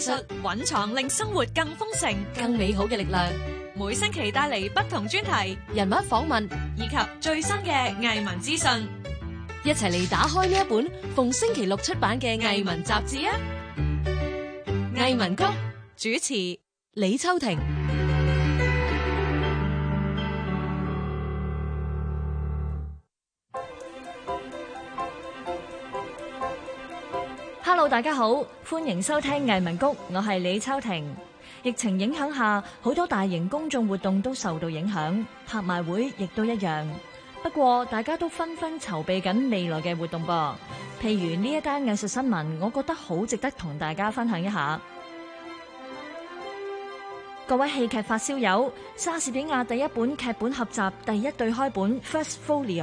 蘊藏令生活更豐盛更美好嘅力量，每星期帶嚟不同專題人物訪問，以及最新嘅藝文資訊，一齊嚟打開呢一本逢星期六出版嘅藝文雜誌吖。藝文谷主持李秋婷。大家好，歡迎收聽藝文谷。我係李秋婷。疫情影響下，好多大型公眾活動都受到影響，拍賣會亦都一樣。不過，大家都紛紛籌備緊未來嘅活動噃。譬如呢一單藝術新聞，我覺得好值得同大家分享一下。各位戲劇發燒友，莎士比亞第一本劇本合集第一對開本《First Folio》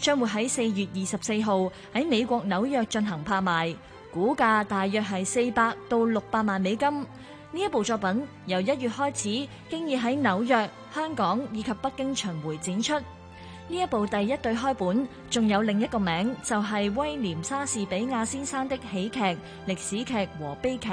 將會喺四月二十四號喺美國紐約進行拍賣。估價大約係四百到六百萬美金。呢一部作品由一月開始，經已喺紐約、香港以及北京巡回展出。呢一部第一對開本，仲有另一個名就係、是、威廉莎士比亞先生的喜劇、歷史劇和悲劇。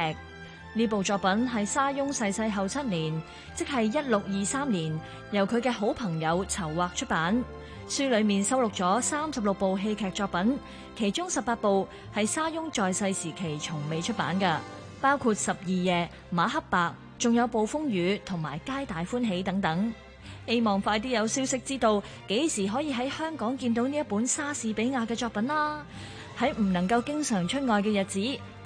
呢部作品係沙翁逝世，世後七年，即係一六二三年，由佢嘅好朋友籌劃出版。書裏面收錄咗三十六部戲劇作品，其中十八部係莎翁在世時期從未出版嘅，包括《十二夜》、《馬克白》仲有《暴風雨》同埋《皆大歡喜》等等。希望快啲有消息知道幾時可以喺香港見到呢一本莎士比亞嘅作品啦！喺唔能夠經常出外嘅日子，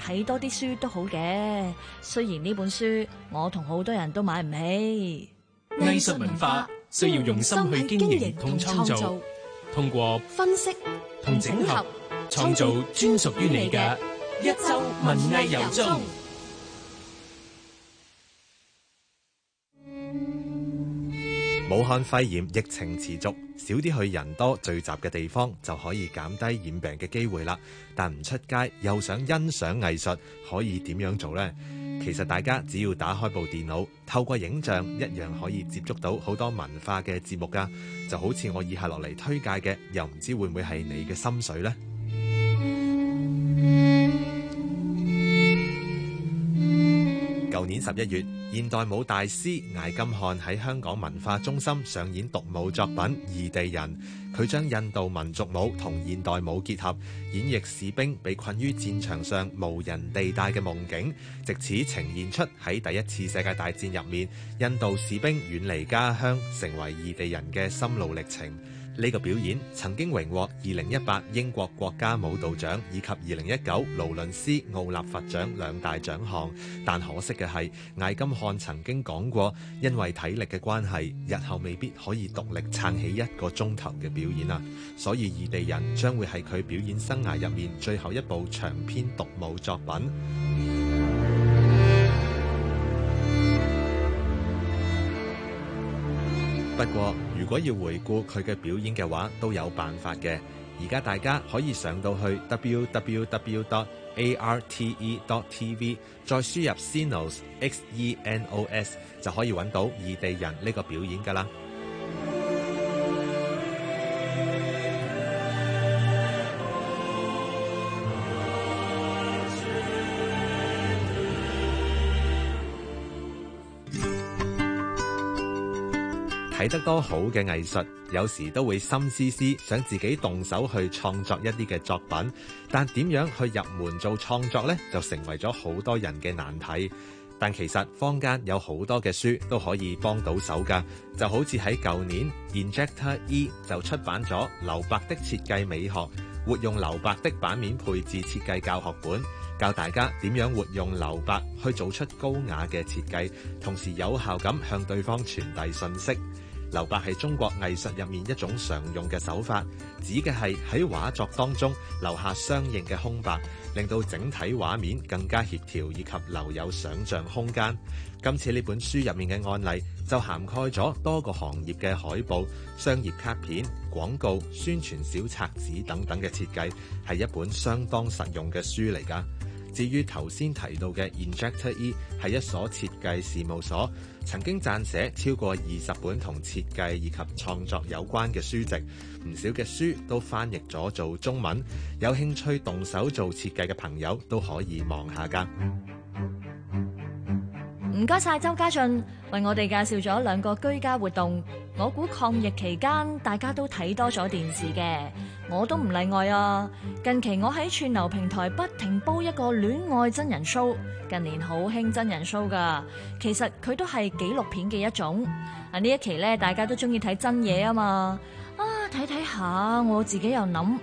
睇多啲書都好嘅。雖然呢本書我同好多人都買唔起，藝術文化，需要用心去經營同創造，通過分析同整合，創造專屬於你嘅一周文藝遊蹤。武漢肺炎疫情持續，少啲去人多聚集嘅地方就可以減低染病嘅機會啦。但唔出街又想欣賞藝術，可以點樣做呢？其實大家只要打開部電腦，透過影像一樣可以接觸到好多文化嘅節目㗎，就好似我以下落嚟推介嘅，又唔知會唔會係你嘅心水呢？去年十一月，現代舞大師艾金漢喺香港文化中心上演獨舞作品《異地人》，佢將印度民族舞同現代舞結合，演繹士兵被困於戰場上無人地帶嘅夢境，藉此呈現出喺第一次世界大戰入面，印度士兵遠離家鄉，成為異地人嘅心路歷程。呢、這個表演曾經榮獲2018英國國家舞蹈獎以及2019勞倫斯奧立佛獎兩大獎項，但可惜嘅係，艾金漢曾經講過，因為體力嘅關係，日後未必可以獨力撐起一個鐘頭嘅表演啦。所以，《異地人》將會係佢表演生涯入面最後一部長篇獨舞作品。不過，如果要回顧佢嘅表演嘅話，都有辦法嘅。而家大家可以上到去 w w w dot a r t e dot t v，再輸入 xenos x e n o s，就可以揾到異地人呢、這個表演噶啦。睇得多好嘅藝術，有時都會心思思想自己動手去創作一啲嘅作品，但點樣去入門做創作呢？就成為咗好多人嘅難題。但其實坊間有好多嘅書都可以幫到手噶，就好似喺舊年，Injector E 就出版咗《留白的設計美學》，活用留白的版面配置設計教學本，教大家點樣活用留白去做出高雅嘅設計，同時有效咁向對方傳遞信息。留白係中國藝術入面一種常用嘅手法，指嘅係喺畫作當中留下相應嘅空白，令到整體畫面更加協調以及留有想象空間。今次呢本書入面嘅案例就涵蓋咗多個行業嘅海報、商業卡片、廣告、宣傳小冊子等等嘅設計，係一本相當實用嘅書嚟㗎。至於頭先提到嘅 Injectee 係一所設計事務所，曾經撰寫超過二十本同設計以及創作有關嘅書籍，唔少嘅書都翻譯咗做中文。有興趣動手做設計嘅朋友都可以望下㗎。唔該晒，周家俊為我哋介紹咗兩個居家活動。我估抗疫期間大家都睇多咗電視嘅。我都唔例外啊！近期我喺串流平台不停煲一個戀愛真人 show，近年好興真人 show 㗎。其實佢都係紀錄片嘅一種。啊，呢一期咧，大家都中意睇真嘢啊嘛！啊，睇睇下，我自己又諗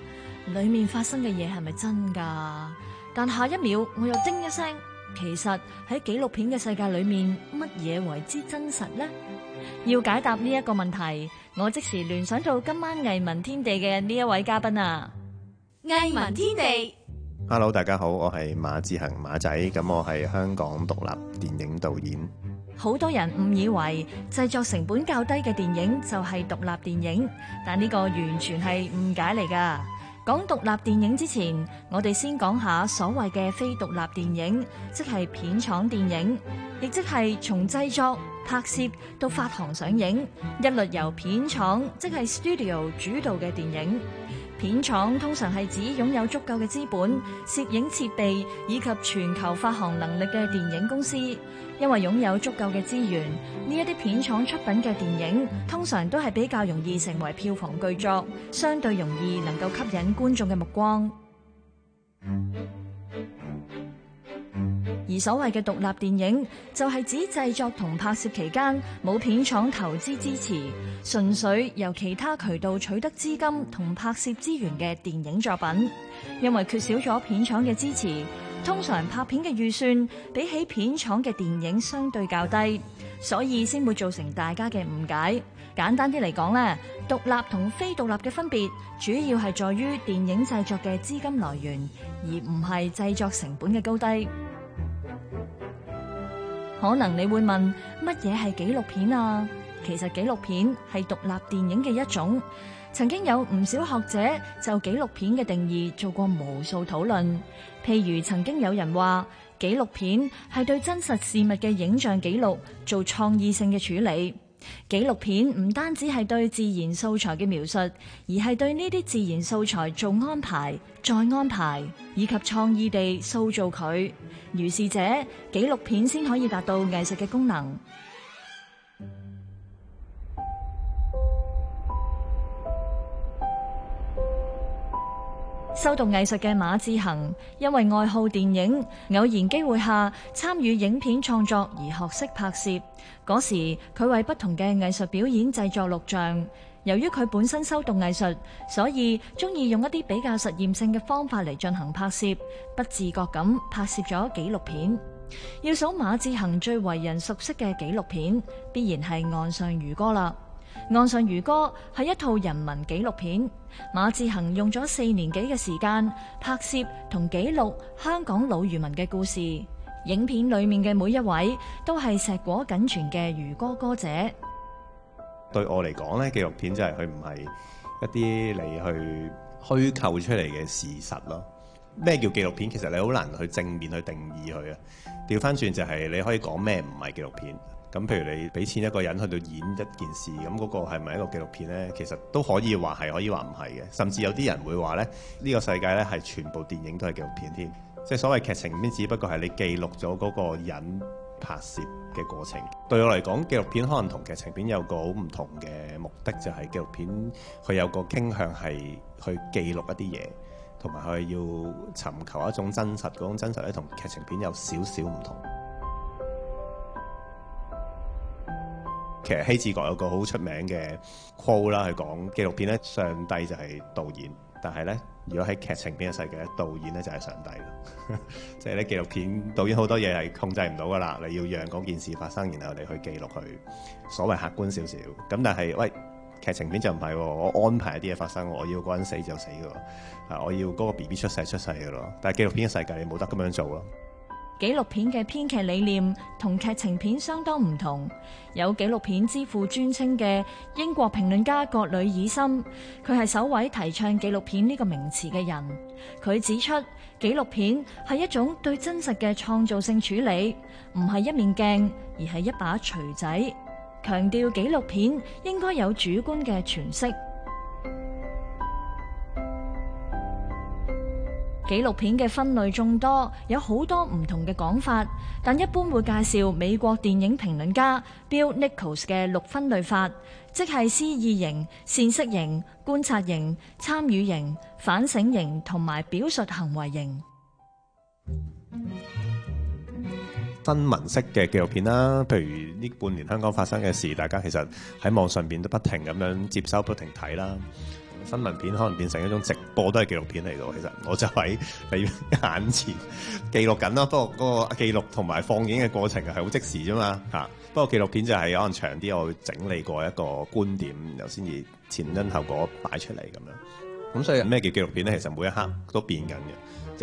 裏面發生嘅嘢係咪真㗎？但下一秒我又叮一聲。其實喺紀錄片嘅世界裏面，乜嘢為之真實呢？要解答呢一個問題，我即時聯想到今晚藝文天地嘅呢一位嘉賓啊，藝文天地。Hello，大家好，我係馬智恆馬仔，咁我係香港獨立電影導演。好多人誤以為製作成本較低嘅電影就係獨立電影，但呢個完全係誤解嚟㗎。講獨立電影之前，我哋先講下所謂嘅非獨立電影，即係片廠電影，亦即係從製作、拍攝到發行上映，一律由片廠，即係 studio 主導嘅電影。片廠通常係指擁有足夠嘅資本、攝影設備以及全球發行能力嘅電影公司。因為擁有足夠嘅資源，呢一啲片廠出品嘅電影通常都係比較容易成為票房巨作，相對容易能夠吸引觀眾嘅目光。而所謂嘅獨立電影就係指製作同拍攝期間冇片廠投資支持，純粹由其他渠道取得資金同拍攝資源嘅電影作品。因為缺少咗片廠嘅支持，通常拍片嘅預算比起片廠嘅電影相對較低，所以先會造成大家嘅誤解。簡單啲嚟講咧，獨立同非獨立嘅分別主要係在於電影製作嘅資金來源，而唔係製作成本嘅高低。可能你會問乜嘢係紀錄片啊？其實紀錄片係獨立電影嘅一種。曾經有唔少學者就紀錄片嘅定義做過無數討論。譬如曾經有人話，紀錄片係對真實事物嘅影像紀錄做創意性嘅處理。紀錄片唔單止係對自然素材嘅描述，而係對呢啲自然素材做安排、再安排，以及創意地塑造佢。如是者，紀錄片先可以達到藝術嘅功能。修讀藝術嘅馬智恆，因為愛好電影，偶然機會下參與影片創作，而學識拍攝。嗰時佢為不同嘅藝術表演製作錄像。由於佢本身修讀藝術，所以中意用一啲比較實驗性嘅方法嚟進行拍攝，不自覺咁拍攝咗紀錄片。要數馬智恆最為人熟悉嘅紀錄片，必然係《岸上漁歌》啦。《岸上漁歌》係一套人文紀錄片。馬智恆用咗四年幾嘅時間拍攝同記錄香港老漁民嘅故事，影片裏面嘅每一位都係碩果僅存嘅漁歌歌者。對我嚟講咧，紀錄片就係佢唔係一啲你去虛構出嚟嘅事實咯。咩叫紀錄片？其實你好難去正面去定義佢啊。掉返轉就係你可以講咩唔係紀錄片。咁譬如你俾錢一個人去到演一件事，咁嗰個係咪一個紀錄片呢？其實都可以話係，可以話唔係嘅。甚至有啲人會話呢，呢個世界呢係全部電影都係紀錄片添。即係所謂劇情片，只不過係你記錄咗嗰個人拍攝嘅過程。對我嚟講，紀錄片可能同劇情片有個好唔同嘅目的，就係紀錄片佢有個傾向係去記錄一啲嘢，同埋佢要尋求一種真實。嗰種真實呢，同劇情片有少少唔同。其實希治閣有個好出名嘅 quote 啦，係講紀錄片咧，上帝就係導演，但係咧，如果喺劇情片嘅世界咧，導演咧就係上帝，即係咧紀錄片導演好多嘢係控制唔到噶啦，你要讓嗰件事發生，然後你去記錄佢，所謂客觀少少。咁但係，喂，劇情片就唔係、啊，我安排一啲嘢發生，我要嗰人死就死嘅，啊，我要嗰個 B B 出世出世嘅咯。但係紀錄片嘅世界你冇得咁樣做咯、啊。紀錄片嘅編劇理念同劇情片相當唔同，有紀錄片之父尊稱嘅英國評論家葛里爾森，佢係首位提倡紀錄片呢個名詞嘅人。佢指出紀錄片係一種對真實嘅創造性處理，唔係一面鏡，而係一把錘仔，強調紀錄片應該有主觀嘅詮釋。紀錄片嘅分類眾多，有好多唔同嘅講法，但一般會介紹美國電影評論家 Bill Nichols 嘅六分類法，即係詩意型、線色型、觀察型、參與型、反省型同埋表述行為型。新聞式嘅紀錄片啦，譬如呢半年香港發生嘅事，大家其實喺網上邊都不停咁樣接收，不停睇啦。新聞片可能變成一種直播，都係紀錄片嚟㗎。其實我就喺你眼前記錄緊啦，不過嗰個記錄同埋放映嘅過程係好即時啫嘛嚇。不過紀錄片就係可能長啲，我會整理過一個觀點，然後先至前因後果擺出嚟咁樣。咁所以咩叫紀錄片咧？其實每一刻都變緊嘅。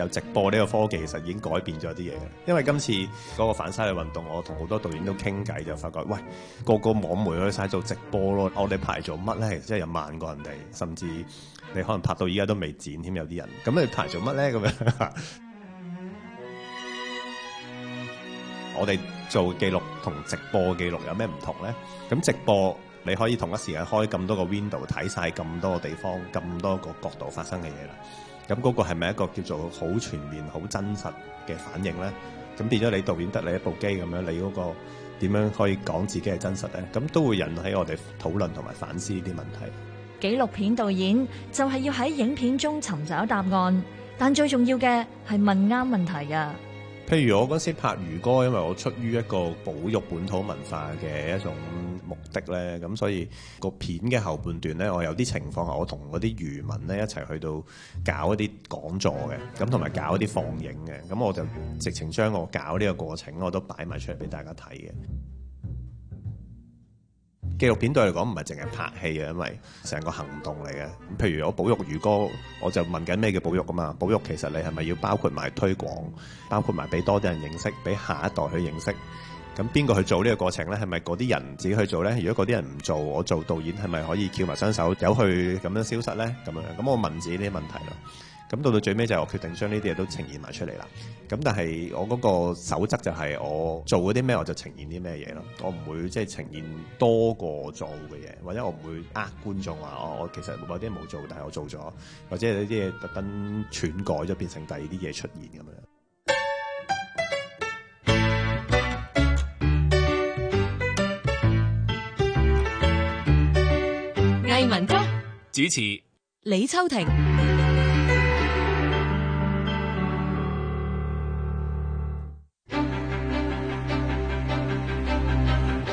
有直播呢個科技，其實已經改變咗啲嘢。因為今次嗰個反沙嘅運動，我同好多導演都傾偈，就發覺喂，個個網媒可以去晒做直播咯。我、哦、哋排做乜咧？即係有慢過人哋，甚至你可能拍到依家都未剪添，有啲人。咁你排做乜咧？咁樣，我哋做記錄同直播記錄有咩唔同咧？咁直播你可以同一時間開咁多個 window 睇晒咁多個地方、咁多個角度發生嘅嘢啦。咁嗰個係咪一個叫做好全面、好真實嘅反應咧？咁變咗你導演得你一部機咁樣，咁你嗰個點樣可以講自己係真實咧？咁都會引起我哋討論同埋反思呢啲問題。紀錄片導演就係要喺影片中尋找答案，但最重要嘅係問啱問題㗎。譬如我嗰時拍《漁歌》，因為我出於一個保育本土文化嘅一種目的呢，咁所以個片嘅後半段呢，我有啲情況係我同嗰啲漁民呢一齊去到搞一啲講座嘅，咁同埋搞一啲放映嘅，咁我就直情將我搞呢個過程我都擺埋出嚟俾大家睇嘅。紀錄片對我嚟講唔係淨係拍戲嘅，因為成個行動嚟嘅。譬如我保育漁歌，我就問緊咩叫保育噶嘛？保育其實你係咪要包括埋推廣，包括埋俾多啲人認識，俾下一代去認識？咁邊個去做呢個過程咧？係咪嗰啲人自己去做咧？如果嗰啲人唔做，我做導演係咪可以翹埋雙手走去咁樣消失咧？咁樣咁我問自己啲問題咯。咁到到最尾就係我決定將呢啲嘢都呈現埋出嚟啦。咁但係我嗰個守則就係我做嗰啲咩我就呈現啲咩嘢咯。我唔會即係呈現多過做嘅嘢，或者我唔會呃觀眾話哦，我其實有啲嘢冇做，但係我做咗，或者呢啲嘢特登篡改咗變成第二啲嘢出現咁樣。主持李秋婷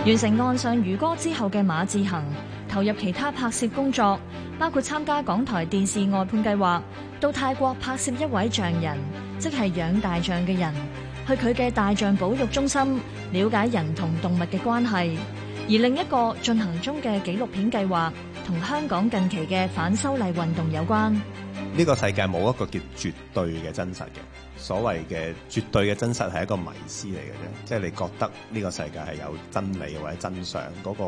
完成岸上漁歌之後嘅馬智恆投入其他拍攝工作，包括參加港台電視外判計劃，到泰國拍攝一位象人，即係養大象嘅人，去佢嘅大象保育中心了解人同動物嘅關係。而另一個進行中嘅紀錄片計劃，同香港近期嘅反修例運動有關。呢、這個世界冇一個叫絕對嘅真實嘅，所謂嘅絕對嘅真實係一個迷思嚟嘅啫。即係你覺得呢個世界係有真理或者真相嗰、那個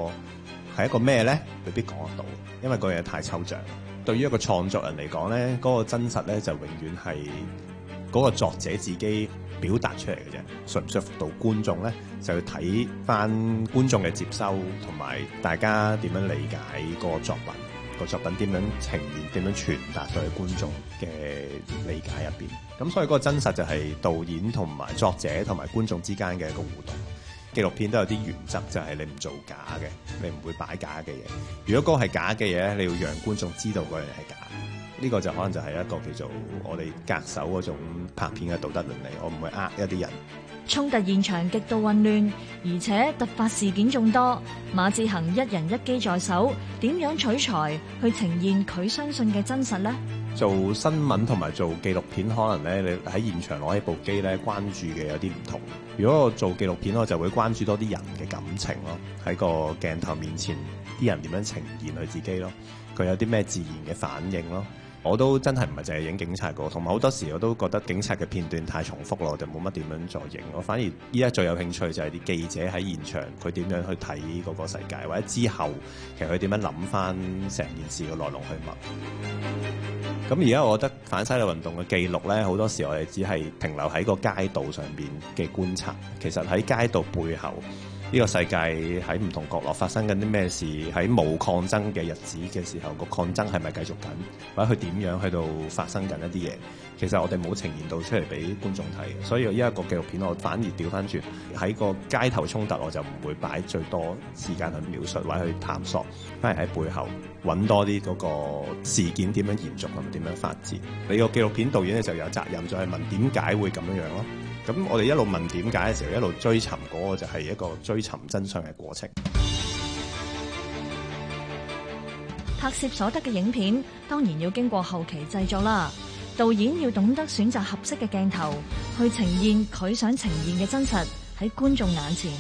係一個咩咧？未必講得到，因為嗰樣嘢太抽象。對於一個創作人嚟講咧，嗰、那個真實咧就永遠係嗰個作者自己表達出嚟嘅啫，說唔說服到觀眾咧，就要睇翻觀眾嘅接收，同埋大家點樣理解個作品，個作品點樣呈現，點樣傳達到去觀眾嘅理解入邊。咁所以嗰個真實就係導演同埋作者同埋觀眾之間嘅一個互動。紀錄片都有啲原則，就係、是、你唔做假嘅，你唔會擺假嘅嘢。如果嗰個係假嘅嘢咧，你要讓觀眾知道嗰樣嘢係假。呢個就可能就係一個叫做我哋隔手嗰種拍片嘅道德倫理，我唔會呃一啲人。衝突現場極度混亂，而且突發事件眾多。馬智恆一人一機在手，點樣取材去呈現佢相信嘅真實呢？做新聞同埋做紀錄片，可能咧你喺現場攞起部機咧，關注嘅有啲唔同。如果我做紀錄片，我就會關注多啲人嘅感情咯，喺個鏡頭面前啲人點樣呈現佢自己咯，佢有啲咩自然嘅反應咯。我都真係唔係淨係影警察個，同埋好多時我都覺得警察嘅片段太重複咯，我哋冇乜點樣再影。我反而依家最有興趣就係啲記者喺現場佢點樣去睇嗰個世界，或者之後其實佢點樣諗翻成件事嘅來龍去脈。咁而家我覺得反修例運動嘅記錄呢，好多時我哋只係停留喺個街道上邊嘅觀察，其實喺街道背後。呢個世界喺唔同角落發生緊啲咩事？喺冇抗爭嘅日子嘅時候，個抗爭係咪繼續緊？或者佢點樣喺度發生緊一啲嘢？其實我哋冇呈現到出嚟俾觀眾睇，所以我依一個紀錄片，我反而調翻轉喺個街頭衝突，我就唔會擺最多時間去描述或者去探索，反而喺背後揾多啲嗰個事件點樣延續同點樣發展。你個紀錄片導演咧就有責任再問點解會咁樣樣咯。咁我哋一路問點解嘅時候，一路追尋嗰個就係一個追尋真相嘅過程。拍攝所得嘅影片當然要經過後期製作啦。導演要懂得選擇合適嘅鏡頭，去呈現佢想呈現嘅真實喺觀眾眼前。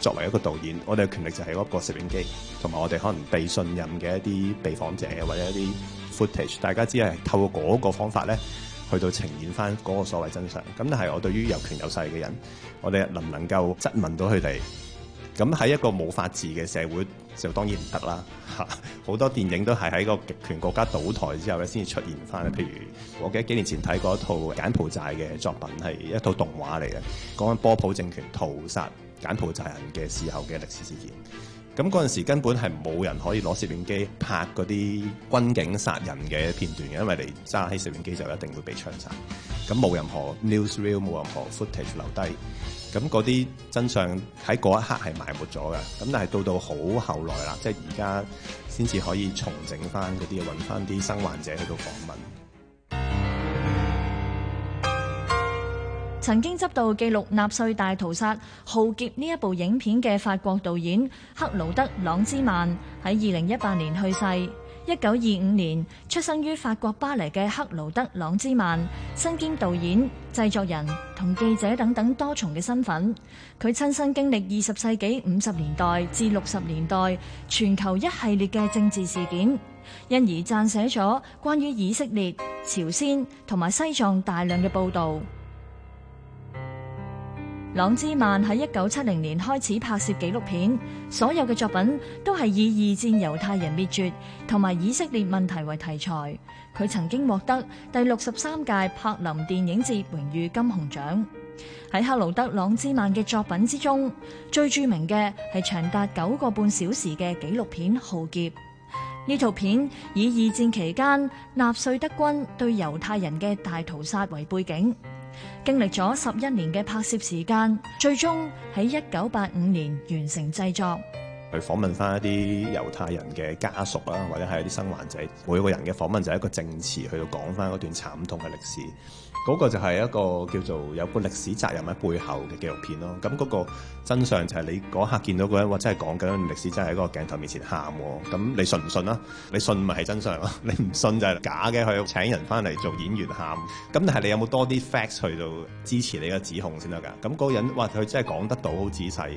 作為一個導演，我哋嘅權力就係嗰個攝影機，同埋我哋可能被信任嘅一啲被訪者或者一啲 footage，大家知係透過嗰個方法咧。去到呈現翻嗰個所謂真相，咁但係我對於有權有勢嘅人，我哋能唔能夠質問到佢哋？咁喺一個冇法治嘅社會就當然唔得啦。嚇，好多電影都係喺個極權國家倒台之後咧，先出現翻。譬如我記得幾年前睇過一套柬埔寨嘅作品，係一套動畫嚟嘅，講緊波普政權屠殺柬埔寨人嘅時候嘅歷史事件。咁嗰陣時根本係冇人可以攞攝影機拍嗰啲軍警殺人嘅片段嘅，因為你揸起攝影機就一定會被槍殺。咁冇任何 news reel 冇任何 footage 留低。咁嗰啲真相喺嗰一刻係埋沒咗嘅。咁但係到到好後來啦，即係而家先至可以重整翻嗰啲，揾翻啲生還者喺度訪問。曾經執導記錄納粹大屠殺浩劫呢一部影片嘅法國導演克勞德·朗茲曼喺二零一八年去世。一九二五年出生於法國巴黎嘅克勞德·朗茲曼，身兼導演、製作人同記者等等多重嘅身份。佢親身經歷二十世紀五十年代至六十年代全球一系列嘅政治事件，因而撰寫咗關於以色列、朝鮮同埋西藏大量嘅報道。朗茲曼喺一九七零年開始拍攝紀錄片，所有嘅作品都係以二戰猶太人滅絕同埋以，以色列問題為題材。佢曾經獲得第六十三屆柏林電影節榮譽金熊獎。喺克勞德朗茲曼嘅作品之中，最著名嘅係長達九個半小時嘅紀錄片《浩劫》。呢套片以二戰期間納粹德軍對猶太人嘅大屠殺為背景。經歷咗十一年嘅拍攝時間，最終喺一九八五年完成製作。去訪問翻一啲猶太人嘅家屬啦，或者係一啲生還者，每個人嘅訪問就係一個證詞，去到講翻嗰段慘痛嘅歷史。嗰、那個就係一個叫做有個歷史責任喺背後嘅紀錄片咯。咁、那、嗰個真相就係你嗰刻見到嗰個人，哇！真係講緊歷史，真係喺個鏡頭面前喊。咁你信唔信啊？你信咪係真相啊？ 你唔信就係假嘅。佢請人翻嚟做演員喊。咁但係你有冇多啲 facts 去到支持你嘅指控先得㗎？咁、那、嗰個人，話佢真係講得到好仔細。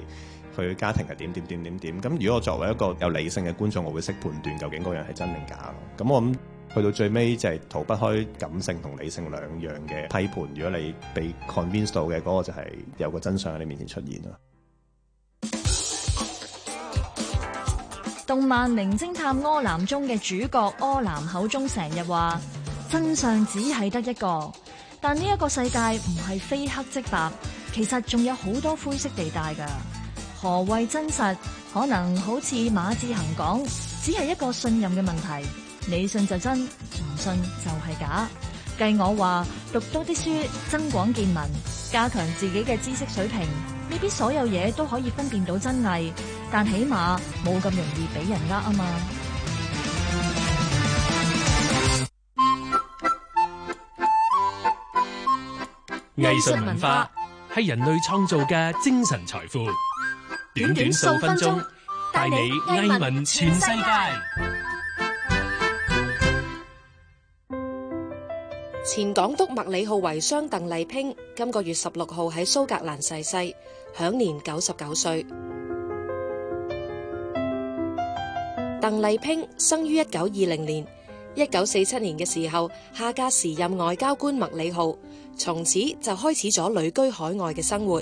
佢家庭係點點點點點咁。如果我作為一個有理性嘅觀眾，我會識判斷究竟嗰樣係真定假咯。咁我諗去到最尾就係逃不開感性同理性兩樣嘅批判。如果你被 convince 到嘅嗰個就係有個真相喺你面前出現啦。動漫《名偵探柯南》中嘅主角柯南口中成日話：真相只係得一個，但呢一個世界唔係非黑即白，其實仲有好多灰色地帶㗎。何謂真實？可能好似馬智恆講，只係一個信任嘅問題。你信就真，唔信就係假。計我話，讀多啲書，增廣見聞，加強自己嘅知識水平。未必所有嘢都可以分辨到真偽，但起碼冇咁容易俾人呃啊嘛。藝術文化係人類創造嘅精神財富。短短數分鐘，帶你藝聞全世界。前港督麥理浩遺孀鄧麗娉，今個月十六號喺蘇格蘭逝世，享年九十九歲。鄧麗娉生於一九二零年，一九四七年嘅時候，下嫁時任外交官麥理浩，從此就開始咗旅居海外嘅生活。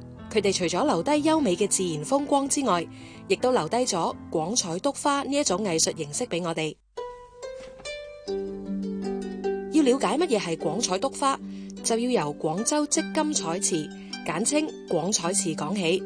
佢哋除咗留低優美嘅自然風光之外，亦都留低咗廣彩篤花呢一種藝術形式俾我哋。要了解乜嘢係廣彩篤花，就要由廣州織金彩瓷（簡稱廣彩瓷）講起。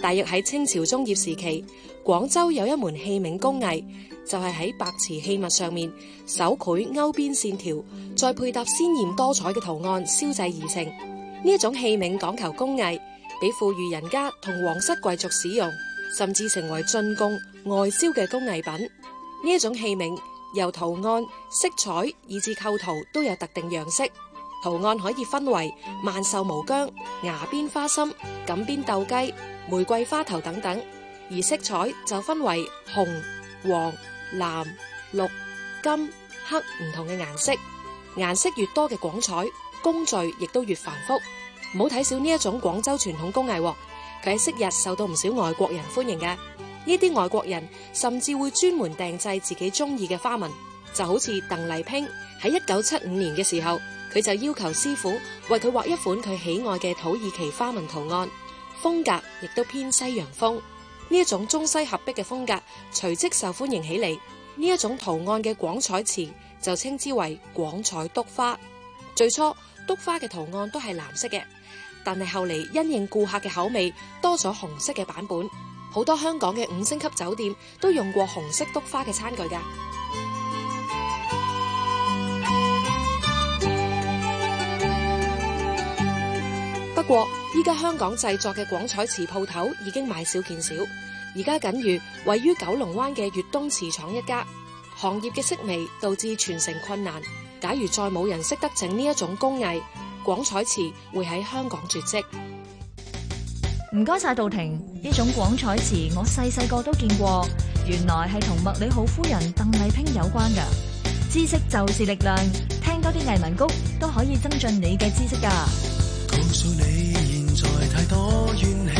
大約喺清朝中葉時期，廣州有一門器皿工藝，就係、是、喺白瓷器物上面手繪勾邊線條，再配搭鮮艷多彩嘅圖案，燒製而成。呢一種器皿講求工藝。俾富裕人家同皇室貴族使用，甚至成為進貢外銷嘅工藝品。呢一種器皿，由圖案、色彩以至構圖都有特定樣式。圖案可以分為萬壽無疆、牙邊花心、錦邊鬥雞、玫瑰花頭等等，而色彩就分為紅、黃、藍、綠、金、黑唔同嘅顏色。顏色越多嘅廣彩，工序亦都越繁複。唔好睇少呢一種廣州傳統工藝，佢喺昔日受到唔少外國人歡迎嘅。呢啲外國人甚至會專門訂製自己中意嘅花紋，就好似鄧麗萍喺一九七五年嘅時候，佢就要求師傅為佢畫一款佢喜愛嘅土耳其花紋圖案，風格亦都偏西洋風。呢一種中西合璧嘅風格隨即受歡迎起嚟。呢一種圖案嘅廣彩瓷就稱之為廣彩篤花。最初篤花嘅圖案都係藍色嘅。但係後嚟因應顧客嘅口味，多咗紅色嘅版本。好多香港嘅五星級酒店都用過紅色篤花嘅餐具噶。不過依家，香港製作嘅廣彩瓷鋪頭已經買少見少。而家僅餘位於九龍灣嘅粵東瓷廠一家。行業嘅式微導致傳承困難。假如再冇人識得整呢一種工藝，廣彩瓷會喺香港絕跡，唔該晒杜婷，呢種廣彩瓷我細細個都見過，原來係同麥理浩夫人鄧麗娉有關噶。知識就是力量，聽多啲藝文谷都可以增進你嘅知識噶。告訴你現在太多怨氣